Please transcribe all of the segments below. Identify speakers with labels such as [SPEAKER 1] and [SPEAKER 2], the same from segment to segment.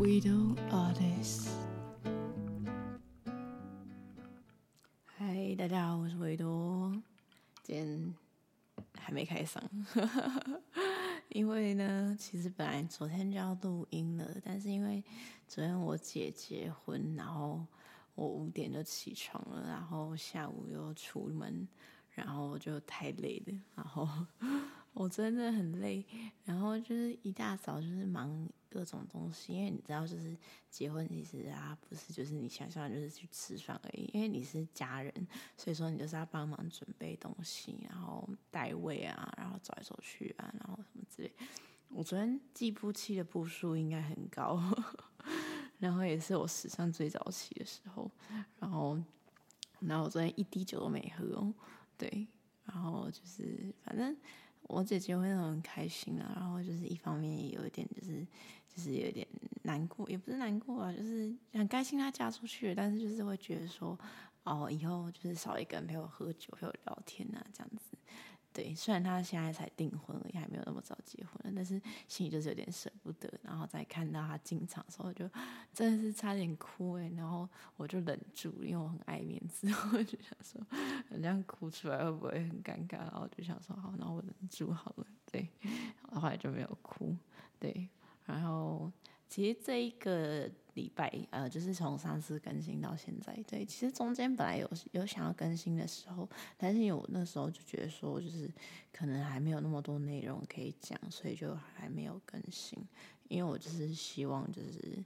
[SPEAKER 1] Widow Attis，嗨，Hi, 大家好，我是維多。今天還沒開嗓，因為呢，其實本來昨天就要錄音了，但是因為昨天我姐結婚，然後我五點就起床了，然後下午又出門，然後就太累了，然後我真的很累，然後就是一大早就是忙。各種東西，因為你知道，就是結婚其實啊，不是就是你想象，就是去吃飯而已。因為你是家人，所以說你就是要幫忙準備東西，然後帶位啊，然後走來走去啊，然後什麼之類。我昨天計步器的步數應該很高， 然後也是我史上最早起的時候，然後，然後我昨天一滴酒都沒喝，哦，對，然後就是反正。我姐姐會那種很開心啊，然後就是一方面也有一點、就是，就是就是有一點難過，也不是難過啊，就是很開心她嫁出去，但是就是會覺得說，哦，以後就是少一個人陪我喝酒，陪我聊天啊，這樣子。對，雖然他現在才訂婚也還沒有那麼早結婚，但是心裡就是有點捨不得。然後再看到他進場的時候，就真的是差點哭哎，然後我就忍住，因為我很愛面子，我就想說，這樣哭出來會不會很尷尬？然後我就想說，好，那我忍住好了。對，然後後來就沒有哭。對，然後。其實這一個禮拜，呃，就是從上次更新到現在，對，其實中間本來有有想要更新的時候，但是有那時候就覺得說，就是可能還沒有那麼多內容可以講，所以就還沒有更新。因為我就是希望就是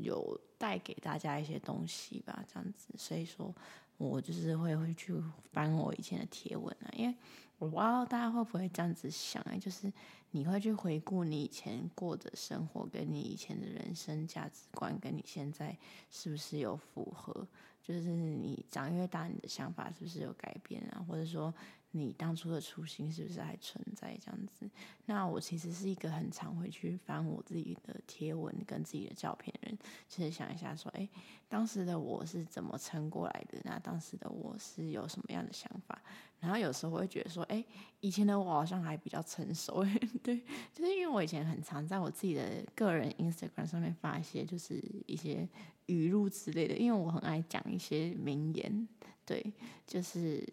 [SPEAKER 1] 有帶給大家一些東西吧，這樣子，所以說我就是會會去翻我以前的貼文啊，因為。我、wow，大家會不會這樣子想啊，就是你會去回顧你以前過的生活，跟你以前的人生價值觀，跟你現在是不是有符合？就是你長越大，你的想法是不是有改變啊？或者說？你當初的初心是不是還存在這樣子？那我其實是一個很常會去翻我自己的貼文跟自己的照片的人，其實想一下說，哎、欸，當時的我是怎麼撐過來的？那當時的我是有什麼樣的想法？然後有時候會覺得說，哎、欸，以前的我好像還比較成熟。欸，對，就是因為我以前很常在我自己的個人 Instagram 上面發一些就是一些語錄之類的，因為我很愛講一些名言。對，就是。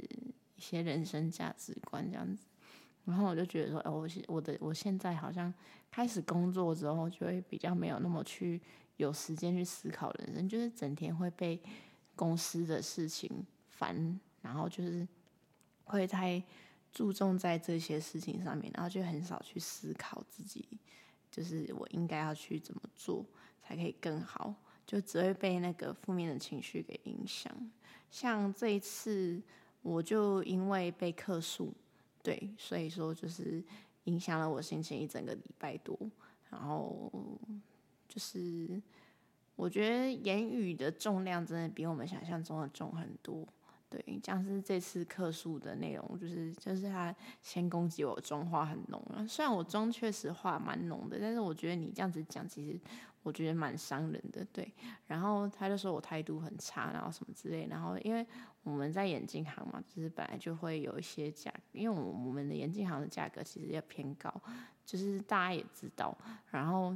[SPEAKER 1] 一些人生價值觀這樣子，然後我就覺得說，呃，我我的我現在好像開始工作之後，就會比較沒有那麼去有時間去思考人生，就是整天會被公司的事情煩，然後就是會太注重在這些事情上面，然後就很少去思考自己，就是我應該要去怎麼做才可以更好，就只會被那個負面的情緒給影響，像這一次，我就因為被客訴，對，所以說就是影響了我心情一整個禮拜多。然後就是我覺得言語的重量真的比我們想象中的重很多。對，像是這次客訴的內容，就是就是他先攻擊我妝化很濃，雖然我妝確實化蠻濃的，但是我覺得你這樣子講其實。我覺得蠻傷人的，對。然後他就說我態度很差，然後什麼之類。然後因為我們在眼鏡行嘛，就是本來就會有一些價，因為我們的眼鏡行的價格其實也偏高，就是大家也知道。然後，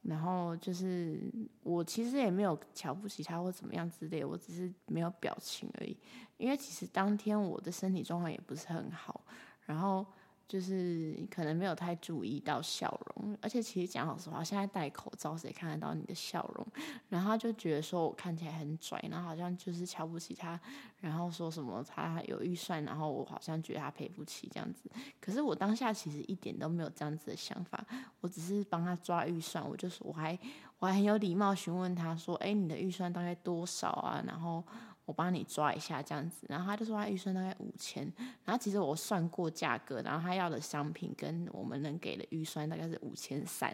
[SPEAKER 1] 然後就是我其實也沒有瞧不起他或怎麼樣之類，我只是沒有表情而已。因為其實當天我的身體狀況也不是很好，然後。就是可能沒有太注意到笑容，而且其實講老實話，現在戴口罩誰看得到你的笑容？然後他就覺得說我看起來很拽，然後好像就是瞧不起他，然後說什麼他有預算，然後我好像覺得他賠不起這樣子。可是我當下其實一點都沒有這樣子的想法，我只是幫他抓預算，我就說我還我還很有禮貌詢問他說，哎、欸，你的預算大概多少啊？然後。我幫你抓一下這樣子，然後他就說他預算大概五千，然後其實我算過價格，然後他要的商品跟我們能給的預算大概是五千三，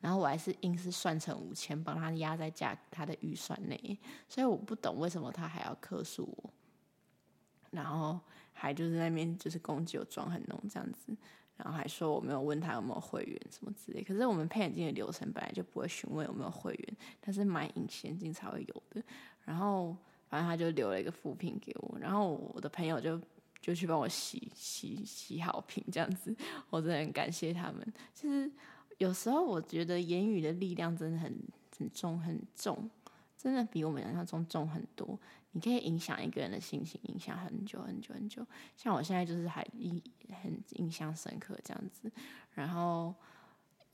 [SPEAKER 1] 然後我還是硬是算成五千，幫他壓在價他的預算內，所以我不懂為什麼他還要客訴我？然後還就是那邊就是攻擊我妝很濃這樣子，然後還說我沒有問他有沒有會員什麼之類，可是我們配眼鏡的流程本來就不會詢問有沒有會員，他是買隱形眼鏡才會有的，然後。反正他就留了一個負評給我，然後我的朋友就就去幫我洗洗洗好評這樣子，我真的很感謝他們。其實有時候我覺得言語的力量真的很很重很重，真的比我們想象中重很多。你可以影響一個人的心情，影響很久很久很久。像我現在就是還印很印象深刻這樣子。然後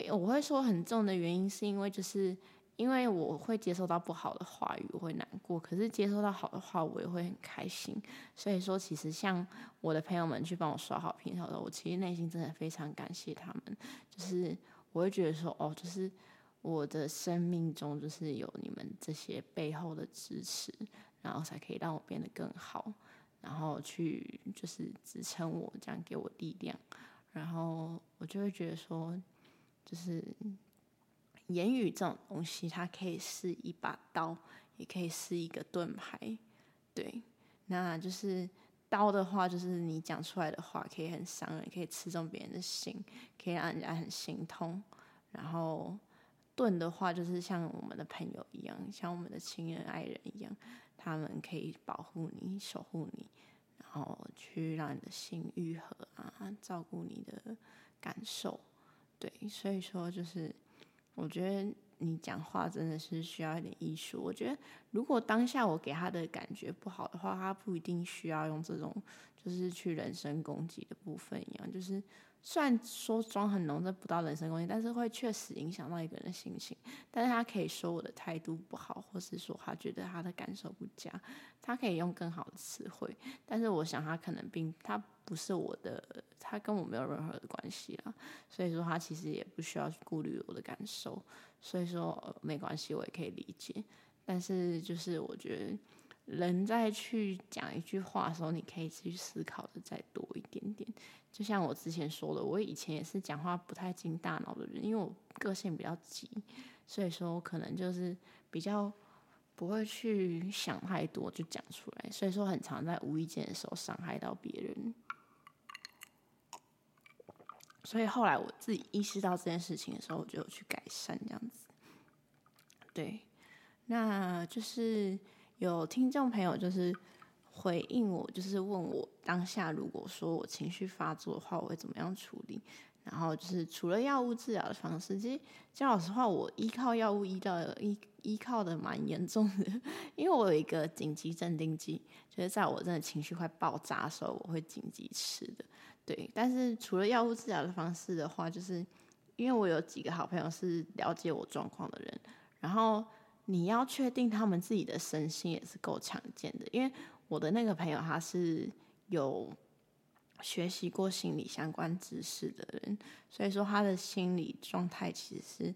[SPEAKER 1] 我會說很重的原因是因為就是。因為我會接受到不好的話語，我會難過；可是接受到好的話，我也會很開心。所以說，其實像我的朋友們去幫我刷好評什麼的時候，我其實內心真的非常感謝他們。就是我會覺得說，哦，就是我的生命中就是有你們這些背後的支持，然後才可以讓我變得更好，然後去就是支撐我，這樣給我力量。然後我就會覺得說，就是。言語這種東西，它可以是一把刀，也可以是一個盾牌。對，那就是刀的話，就是你講出來的話可以很傷人，可以刺中別人的心，可以讓人家很心痛。然後盾的話，就是像我們的朋友一樣，像我們的親人、愛人一樣，他們可以保護你、守護你，然後去讓你的心愈合啊，照顧你的感受。對，所以說就是。我覺得你講話真的是需要一點藝術。我覺得如果當下我給他的感覺不好的話，他不一定需要用這種就是去人身攻擊的部分一樣。就是雖然說妝很濃，這不到人身攻擊，但是會確實影響到一個人的心情。但是他可以說我的態度不好，或是說他覺得他的感受不佳，他可以用更好的詞彙。但是我想他可能並他。不是我的，他跟我沒有任何的關係啦，所以說他其實也不需要去顧慮我的感受，所以說，呃，沒關係，我也可以理解。但是就是我覺得人在去講一句話的時候，你可以去思考的再多一點點。就像我之前說的，我以前也是講話不太經大腦的人，因為我個性比較急，所以說可能就是比較不會去想太多就講出來，所以說很常在無意間的時候傷害到別人。所以後來我自己意識到這件事情的時候，我就有去改善這樣子。對，那就是有聽眾朋友就是回應我，就是問我當下如果說我情緒發作的話，我會怎麼樣處理？然後就是除了藥物治療的方式，其實講老實話，我依靠藥物醫依靠依依靠的蠻嚴重的，因為我有一個緊急鎮定劑，就是在我真的情緒快爆炸的時候，我會緊急吃的。對，但是除了藥物治療的方式的話，就是因為我有幾個好朋友是了解我狀況的人，然後你要確定他們自己的身心也是夠強健的，因為我的那個朋友他是有。學習過心理相關知識的人，所以說他的心理狀態其實是，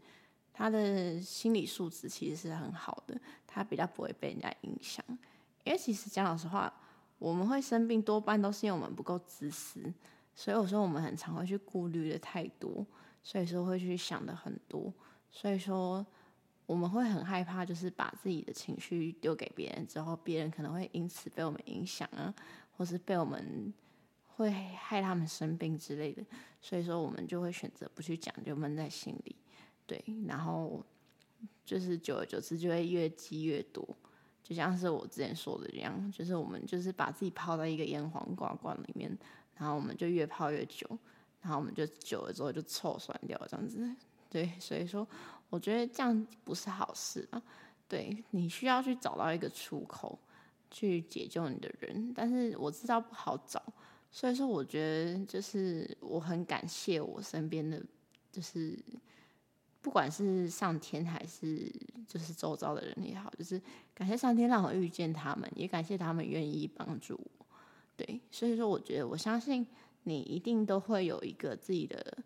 [SPEAKER 1] 他的心理素質其實是很好的。他比較不會被人家影響，因為其實講老實話，我們會生病多半都是因為我們不夠自私。所以有時候我們很常會去顧慮的太多，所以說會去想的很多，所以說我們會很害怕，就是把自己的情緒丟給別人之後，別人可能會因此被我們影響啊，或是被我們。會害他們生病之類的，所以說我們就會選擇不去講，就悶在心裡，對。然後就是久而久之就會越積越多，就像是我之前說的這樣，就是我們就是把自己泡在一個醃黃瓜罐裡面，然後我們就越泡越久，然後我們就久了之後就臭酸掉這樣子，對。所以說，我覺得這樣不是好事啊。對，你需要去找到一個出口去解救你的人，但是我知道不好找。所以說，我覺得就是我很感謝我身邊的就是，不管是上天還是就是周遭的人也好，就是感謝上天讓我遇見他們，也感謝他們願意幫助我。對，所以說，我覺得我相信你一定都會有一個自己的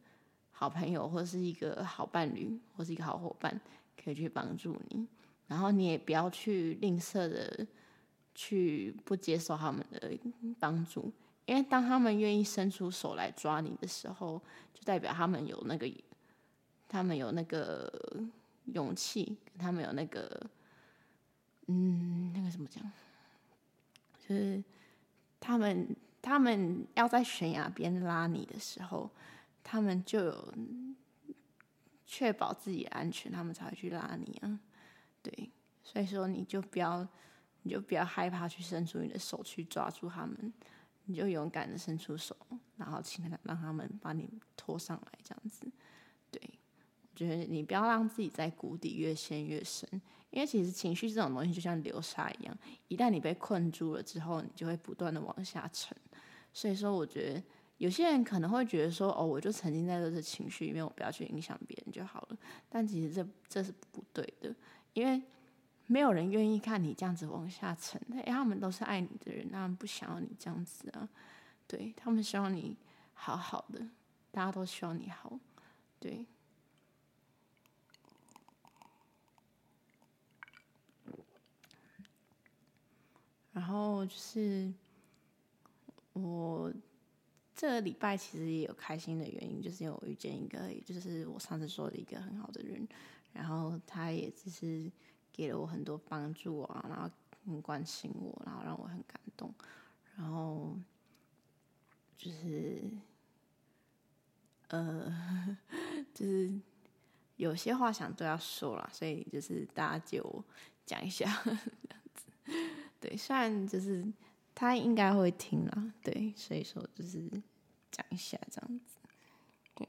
[SPEAKER 1] 好朋友，或是一個好伴侶，或是一個好夥伴，可以去幫助你。然後你也不要去吝嗇的去不接受他們的幫助。因為當他們願意伸出手來抓你的時候，就代表他們有那個，他們有那個勇氣，他們有那個，嗯，那個什麼講？就是他們他們要在懸崖邊拉你的時候，他們就有確保自己安全，他們才會去拉你啊。對，所以說你就不要，你就不要害怕去伸出你的手去抓住他們。你就勇敢的伸出手，然後請他讓他們把你拖上來，這樣子，對，我覺得你不要讓自己在谷底越陷越深，因為其實情緒這種東西就像流沙一樣，一旦你被困住了之後，你就會不斷的往下沉，所以說，我覺得有些人可能會覺得說，哦，我就沉浸在這個情緒裡面，我不要去影響別人就好了，但其實這這是不對的，因為。沒有人願意看你這樣子往下沉。哎，他們都是愛你的人，他們不想要你這樣子啊，對，他們希望你好好的，大家都希望你好，對。然後就是我這個禮拜其實也有開心的原因，就是因為我遇見一個，也就是我上次說的一個很好的人，然後他也就是。給了我很多幫助啊，然後很關心我，然後讓我很感動，然後就是呃，就是有些話想都要說了，所以就是大家就講一下，對，雖然就是他應該會聽啦，對，所以說就是講一下這樣子，對。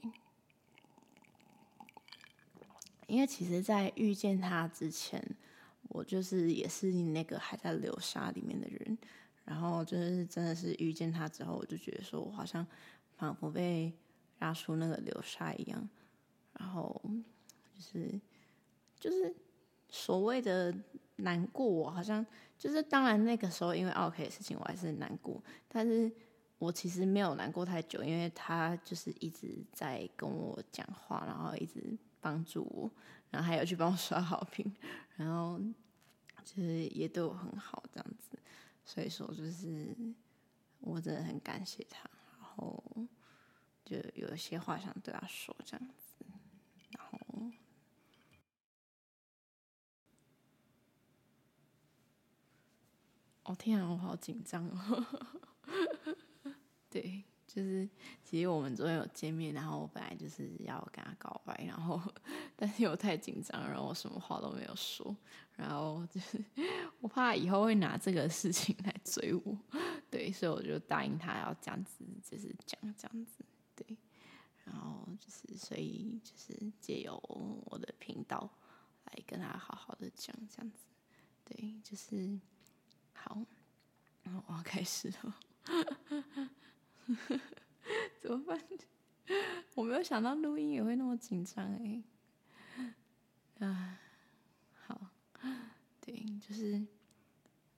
[SPEAKER 1] 因為其實，在遇見他之前，我就是也是那個還在流沙裡面的人。然後就是，真的是遇見他之後，我就覺得說我好像仿佛被拉出那個流沙一樣。然後就是，就是所謂的難過，我好像就是當然那個時候因為奧 K 的事情，我還是很難過。但是我其實沒有難過太久，因為他就是一直在跟我講話，然後一直。幫助我，然後還有去幫我刷好評，然後就是也對我很好這樣子，所以說就是我真的很感謝他，然後就有一些話想對他說這樣子，然後哦天啊，我好緊張哦，呵呵，對。就是其實我們昨天有見面，然後我本來就是要跟他告白，然後，但是我太緊張，然後我什麼話都沒有說，然後就是我怕以後會拿這個事情來追我，對，所以我就答應他要這樣子，就是講這樣子，對，然後就是所以就是借由我的頻道來跟他好好的講這樣子，對，就是好，然後我要開始了。 怎麼辦？我沒有想到錄音也會那麼緊張欸。啊，好，對，就是，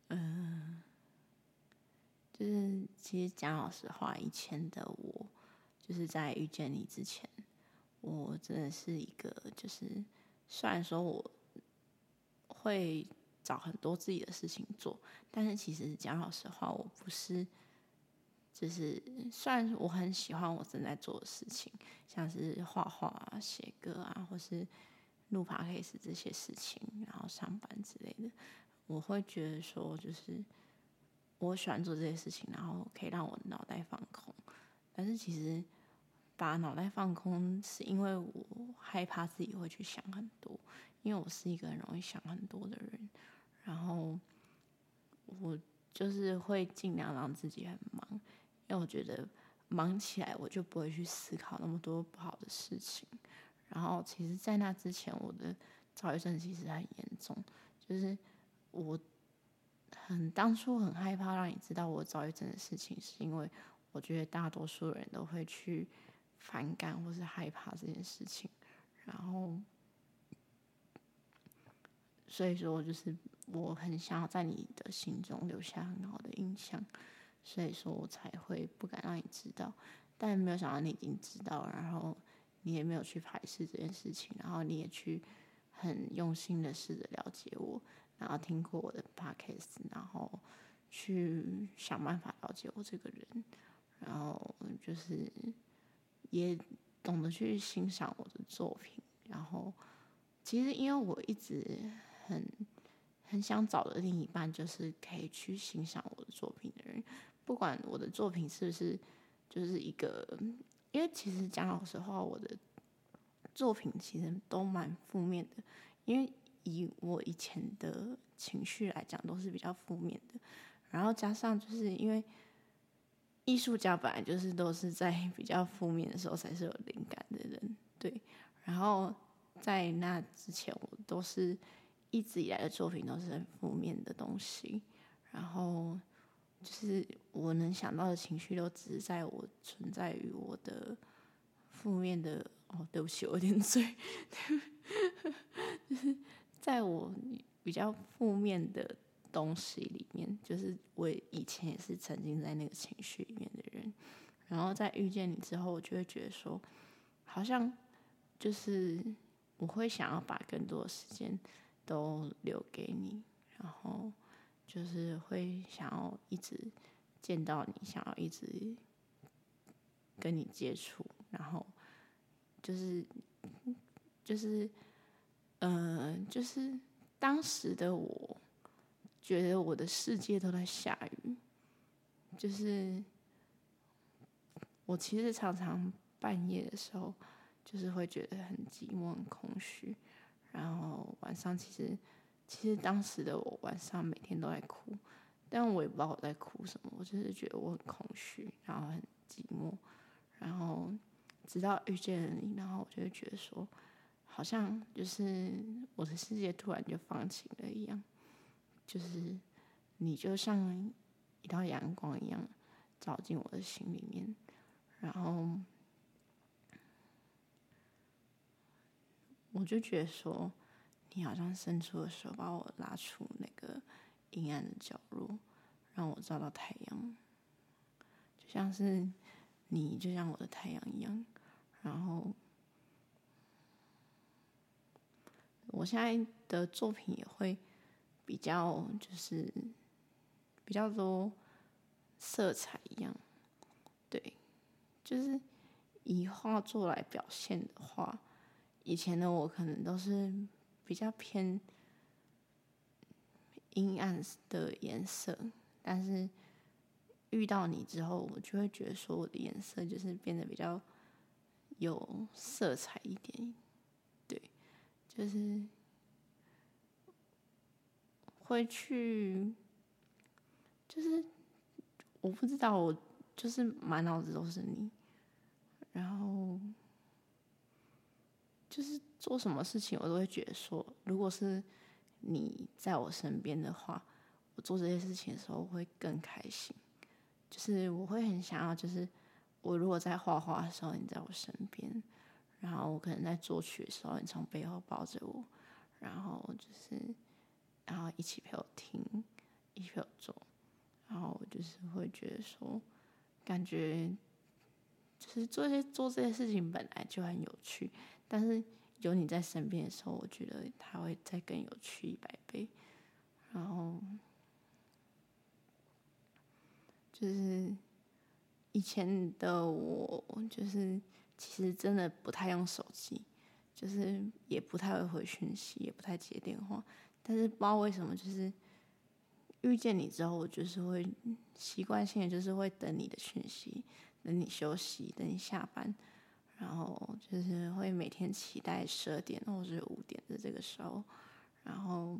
[SPEAKER 1] 嗯、呃，就是其實講老實話，以前的我，就是在遇見你之前，我真的是一個就是，雖然說我會找很多自己的事情做，但是其實講老實話，我不是。就是，雖然我很喜歡我正在做的事情，像是畫畫啊、寫歌啊，或是錄 podcast 這些事情，然後上班之類的，我會覺得說，就是我喜歡做這些事情，然後可以讓我腦袋放空。但是其實把腦袋放空，是因為我害怕自己會去想很多，因為我是一個很容易想很多的人，然後我。就是會盡量讓自己很忙，因為我覺得忙起來我就不會去思考那麼多不好的事情。然後，其實，在那之前，我的躁鬱症其實很嚴重。就是我很當初很害怕讓你知道我躁鬱症的事情，是因為我覺得大多數人都會去反感或是害怕這件事情。然後，所以說，我就是。我很想要在你的心中留下很好的印象，所以說我才會不敢讓你知道。但沒有想到你已經知道，然後你也沒有去排斥這件事情，然後你也去很用心的試着了解我，然後聽過我的 podcast，然後去想辦法了解我這個人，然後就是也懂得去欣賞我的作品。然後其實因為我一直很。很想找的另一半，就是可以去欣賞我的作品的人。不管我的作品是不是，就是一個，因為其實講老實話，我的作品其實都蠻負面的。因為以我以前的情緒來講，都是比較負面的。然後加上就是因為藝術家本來就是都是在比較負面的時候才是有靈感的人，對。然後在那之前，我都是。一直以來的作品都是很負面的東西，然後就是我能想到的情緒都只是在我存在於我的負面的。哦，對不起，我有點醉， 就是在我比較負面的東西裡面，就是我以前也是沉浸在那個情緒裡面的人，然後在遇見你之後，我就會覺得說，好像就是我會想要把更多的時間。都留給你，然後就是會想要一直見到你，想要一直跟你接觸，然後就是就是呃，就是當時的我覺得我的世界都在下雨，就是我其實常常半夜的時候，就是會覺得很寂寞、很空虛。然後晚上其實，其實當時的我晚上每天都在哭，但我也不知道我在哭什麼，我就是覺得我很空虛，然後很寂寞，然後直到遇見了你，然後我就會覺得說，好像就是我的世界突然就放晴了一樣，就是你就像一道陽光一樣照進我的心裡面，然後。我就覺得說，你好像伸出的手，把我拉出那個陰暗的角落，讓我照到太陽，就像是你就像我的太陽一樣。然後，我現在的作品也會比較就是比較多色彩一樣，對，就是以畫作來表現的話。以前的我可能都是比較偏陰暗的顏色，但是遇到你之後，我就會覺得說我的顏色就是變得比較有色彩一點。對，就是會去，就是我不知道，我就是滿腦子都是你，然後。就是做什麼事情，我都會覺得說，如果是你在我身邊的話，我做這些事情的時候我會更開心。就是我會很想要，就是我如果在畫畫的時候你在我身邊，然後我可能在作曲的時候你從背後抱着我，然後就是然後一起陪我聽，一起陪我做，然後我就是會覺得說，感覺就是做些做這些事情本來就很有趣。但是有你在身邊的時候，我覺得他會再更有趣一百倍。然後就是以前的我，就是其實真的不太用手機，就是也不太會回訊息，也不太接電話。但是不知道為什麼，就是遇見你之後，我就是會習慣性的，就是會等你的訊息，等你休息，等你下班。然後就是會每天期待十二點或者是五點的這個時候，然後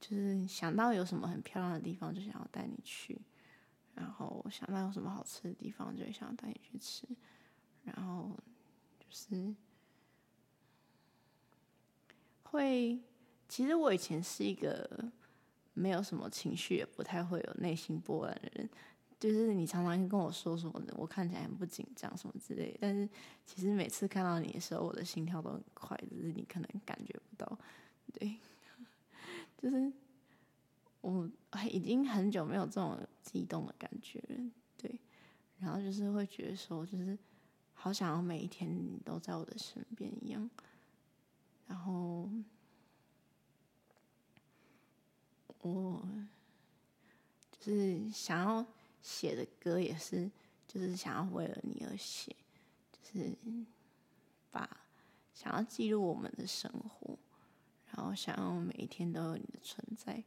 [SPEAKER 1] 就是想到有什麼很漂亮的地方就想要帶你去，然後想到有什麼好吃的地方就會想要帶你去吃，然後就是會。其實我以前是一個沒有什麼情緒，也不太會有內心波瀾的人。就是你常常跟我說什麼，我看起來很不緊張什麼之類的，但是其實每次看到你的時候，我的心跳都很快，就是你可能感覺不到，對，就是我已經很久沒有這種激動的感覺了，對，然後就是會覺得說，就是好想要每一天你都在我的身邊一樣，然後我就是想要。寫的歌也是，就是想要為了你而寫，就是把想要記錄我們的生活，然後想要每一天都有你的存在，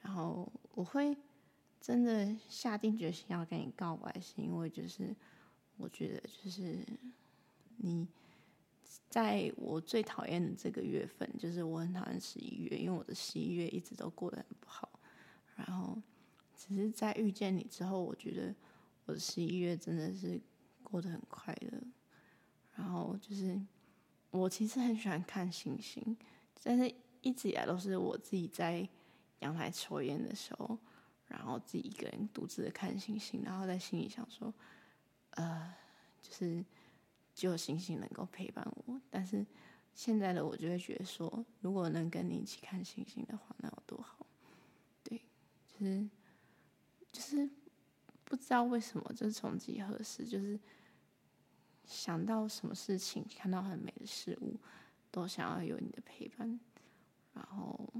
[SPEAKER 1] 然後我會真的下定決心要跟你告白，是因為就是我覺得就是你在我最討厭的這個月份，就是我很討厭十一月，因為我的十一月一直都過得很不好，然後。只是在遇見你之後，我覺得我的十一月真的是過得很快樂。然後就是，我其實很喜歡看星星，但是一直以來都是我自己在陽台抽煙的時候，然後自己一個人獨自的看星星，然後在心裡想說，呃，就是只有星星能夠陪伴我。但是現在的我就會覺得說，如果能跟你一起看星星的話，那有多好？對，就是。就是不知道為什麼，就是從幾何時，就是想到什麼事情，看到很美的事物，都想要有你的陪伴。然後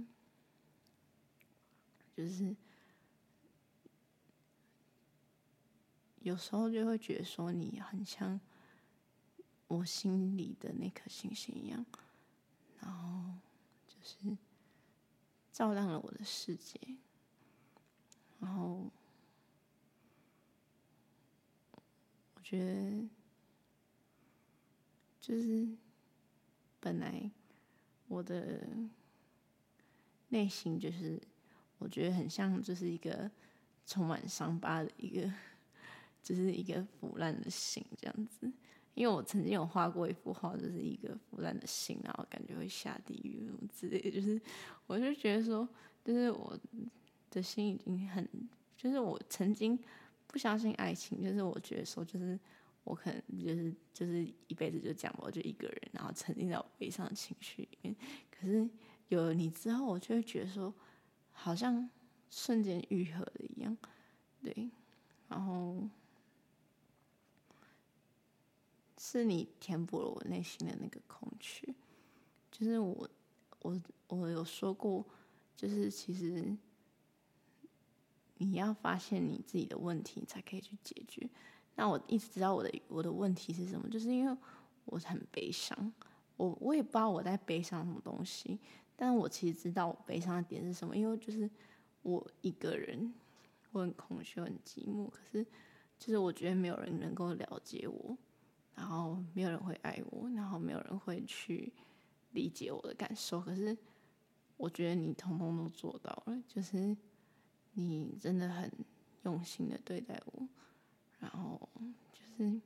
[SPEAKER 1] 就是有時候就會覺得說，你很像我心裡的那顆星星一樣，然後就是照亮了我的世界，然後。覺得就是本來我的內心，就是我覺得很像就是一個充滿傷疤的一個，就是一個腐爛的心這樣子。因為我曾經有畫過一幅畫，就是一個腐爛的心，然後感覺會下地獄之類的。就是我就覺得說，就是我的心已經很，就是我曾經。不相信愛情，就是我覺得說，就是我可能就是就是一輩子就講，我就一個人，然後沉浸在我悲傷的情緒裡面。可是有了你之後，我就會覺得說，好像瞬間癒合了一樣。對，然後是你填補了我內心的那個空缺，就是我我我有說過，就是其實。你要發現你自己的問題，你才可以去解決。那我一直知道我的我的問題是什麼，就是因為我很悲傷，我我也不知道我在悲傷什麼東西，但我其實知道我悲傷的點是什麼，因為就是我一個人，我很空虛，很寂寞。可是就是我覺得沒有人能夠了解我，然後沒有人會愛我，然後沒有人會去理解我的感受。可是我覺得你通通都做到了，就是。你真的很用心的對待我，然後就是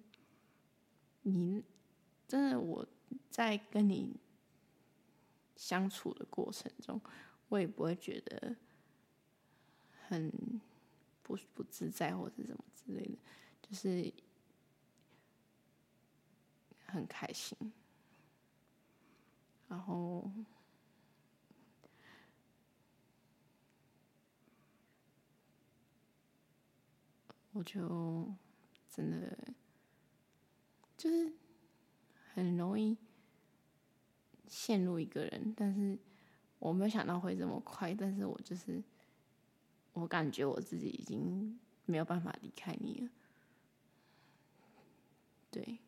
[SPEAKER 1] 你真的，我在跟你相處的過程中，我也不會覺得很不不自在或者什麼之類的，就是很開心，然後。我就真的就是很容易陷入一個人，但是我沒有想到會這麼快，但是我就是我感覺我自己已經沒有辦法離開你了，對，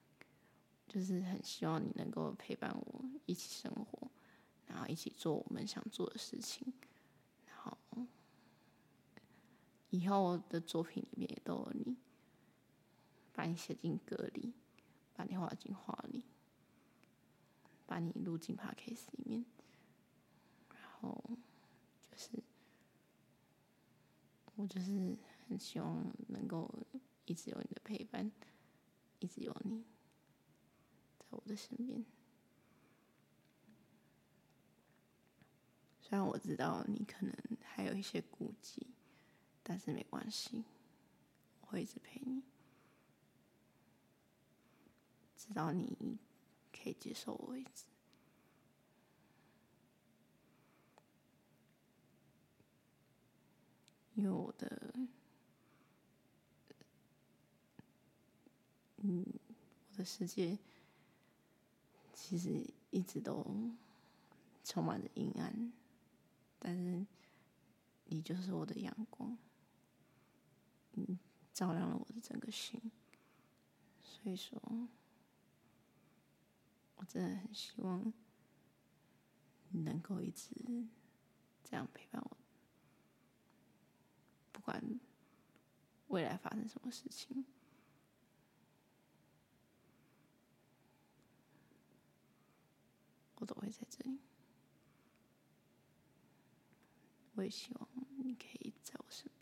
[SPEAKER 1] 就是很希望你能夠陪伴我一起生活，然後一起做我們想做的事情。以後的作品裡面，也都有你，把你寫進歌裡，把你畫進畫裡，把你錄進 Podcast 裡面。然後就是，我就是很希望能夠一直有你的陪伴，一直有你在我的身邊。雖然我知道你可能還有一些顧忌。但是沒關係，我會一直陪你，直到你可以接受我為止。因為我的，嗯，我的世界其實一直都充滿着陰暗，但是你就是我的陽光。嗯，照亮了我的整個心，所以說，我真的很希望你能夠一直這樣陪伴我，不管未來發生什麼事情，我都會在這裡。我也希望你可以在我身邊。